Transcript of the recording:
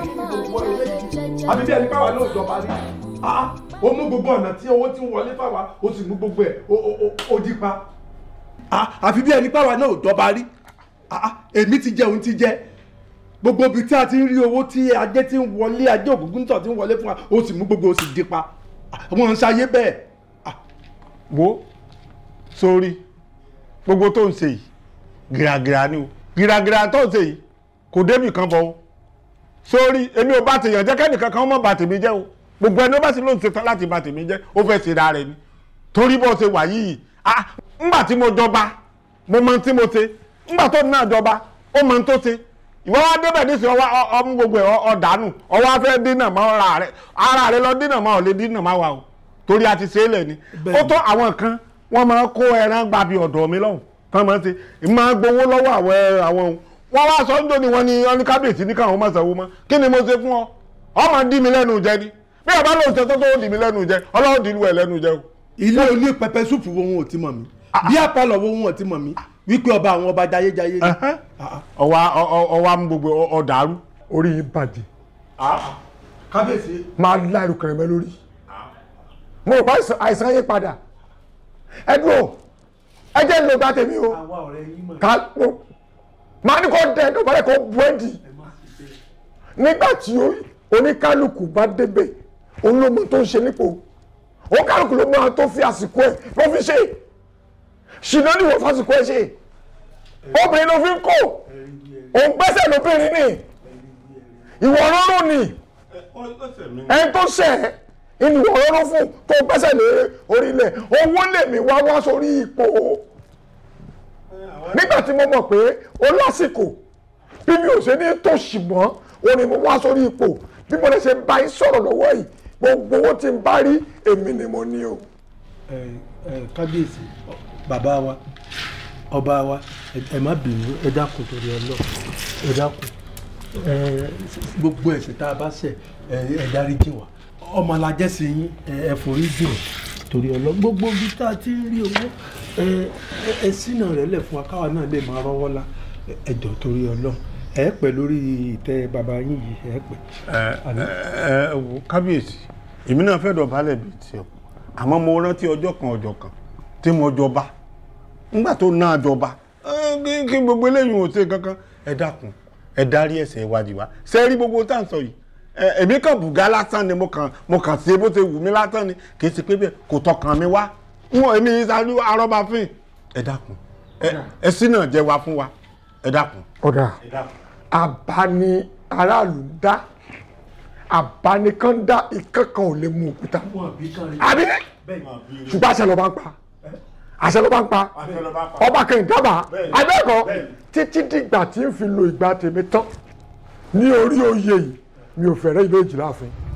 gbogbo ilé ìdìbò àbí bí ẹni pàwá ló jọba rí o mú gbogbo ọ̀nà tí owó ti ń wọlé fáwa o sì mú gbogbo ẹ̀ o dí pa. àfi bí ẹni pàwá náà ò jọba rí èmi ti jẹ òun ti jẹ gbogbo ibi tí a ti ń rí owó tí ajé ti ń wọlé ajé ògúngún tó ti ń wọlé fún wa o sì mú gbogbo o sì dí pa wọn ń ṣayé bẹ́ẹ̀. wo sórí gbogbo tó ń ṣe yìí gíragíra ni o gíragíra tó ń ṣe yìí kò débì kan bọ̀ o sórí èmi ò bá ti yànjẹ́ kẹ́nìkan kan mọ̀ bá tèmi jẹ́ o gbogbo ẹni ó bá sì lóun ṣetán láti bá tèmi jẹ́ ó fẹ́ ṣe ra rẹ̀ ni torí bó ṣe wà yìí ah ńgbà tí mo jọba mo mọ tí mo ṣe ńgbà tó náà jọba ó mọ tó ṣe ìwọ wá débẹ̀ ní sọ ọmú gbogbo ẹ̀ ọ̀dánù ọwọ́ afẹ́ dínà mọ́ ara rẹ̀ ara rẹ̀ lọ dínà mọ́ ò lè dínà mọ́ wa o torí a ti ṣe é lẹ̀ ni ó tó àwọn kan wọ́n máa kó ẹran gbabi ọ̀dọ̀ mi lọ́hùn tán máa ń ṣe máa gbowó lọ́wọ́ àwọn àwọn ohun wọ́n wá sọ ń dò ní wọn ni wọn ní kábíyèsí ní káwọn máa sanwó mọ́ kí ni mo ṣe fún ọ ọmọ dì mí lẹ́nu jẹ ni bí ọba lóun ṣe tọ́tọ́ ó dì mí lẹ́nu jẹ ọlọ́run dì lù ẹ̀ lẹ́nu jẹ o. ilé olú pẹpẹ súpù wo wọn ò ti mọ̀ mí ah. bí àpàlọ̀ wo wọn ò ti mọ̀ mí wípé ọba àwọn ọba jayéjayé ni. Ah, ah. ọwa ọwa mú gbogbo ọ̀dàrú. orí yìí bàjẹ́. kábíyèsí. máa láàrú kẹrẹmẹ lórí. mo bá àìsàn yé padà ẹ dúró ẹ jẹ́ ń lo gbá tèmi o ẹnu balẹ̀ kó bu ẹ̀dì nígbà tí oníkálukú bá débẹ̀ òun ló mọ tó ń ṣe nípò òun kálukú ló máa tó fi àsìkò ẹ̀ ló fi ṣe ṣìnà ni wọ́n fásìkò ẹ̀ ṣe obìnrin ló fi ń kó òun gbẹ́sẹ̀ lóbìnrin ni ìwọ ọlọ́run ni ẹni tó ṣẹ̀ inú ìwọ ọlọ́run fún kó gbẹ́sẹ̀ lé orílẹ̀ owó lèmi wá wá sórí ipò nígbà tí mo mọ̀ pé ó lásìkò bí mi ò ṣe ní tòṣì mọ́ òun ni mo wá sórí ipò bí mo lè ṣe bá yín sọ̀rọ̀ lọ́wọ́ yìí gbogbo owó tí n bá rí èmi ni mo ní o. ẹ ẹ kábíyèsí bàbá wa ọba wa ẹ má bínú ẹ dákun torí Ọlọ́run ẹ dákun gbogbo ẹ̀ṣẹ̀ tá a bá ṣẹ̀ ẹ dáríjì wá ọmọ lajẹ sí yín ẹ forí jù torí Ọlọ́run gbogbo ibi tá a ti ń rí owó ẹ ẹ sínà rẹ lẹ fún wa káwa náà lè máa rọ́wọ́ la ẹjọ torí Ọlọ́run ẹ pẹ́ lórí ìtẹ́ bàbá yín yìí ẹ pẹ́. ẹ ẹ wo kábíyèsí èmi náà fẹ́ dọ̀bálẹ̀ bíi tiẹ̀ àmọ́ mo rántí ọjọ́ kan ọjọ́ kan tí mo jọba nígbà tó náà jọba kí gbogbo eléyìí ò ṣe kankan ẹ dákun ẹ dárí ẹ̀ṣẹ̀ ìwádìí wa ṣe rí gbogbo tá à ń sọ yìí èmi kan bùgá lásán ni mo kàn mo kàn ṣe bó ṣe wù mí lásán ni kì í ṣe pé bẹ́ẹ̀ kò tọkàn mi wá wọn èmi ìsàlù arọ́bàfín ẹ dákun ẹ sínà jẹ wa fún wa ẹ dákun. ọ̀dà abani aráàlú ń dá àbánikan dá ìkankan ò lè mú òkúta àbí ṣùgbọ́n àṣẹ ló bá ń pa àṣẹ ló bá ń pa ọba kan ìdábàá abẹ́ẹ̀kọ́ títí dìgbà tí ń fi lo ìgbà tèmi tán ní orí oyè yìí mi ò fẹ́rẹ́ ilé ìjìlá fún yín.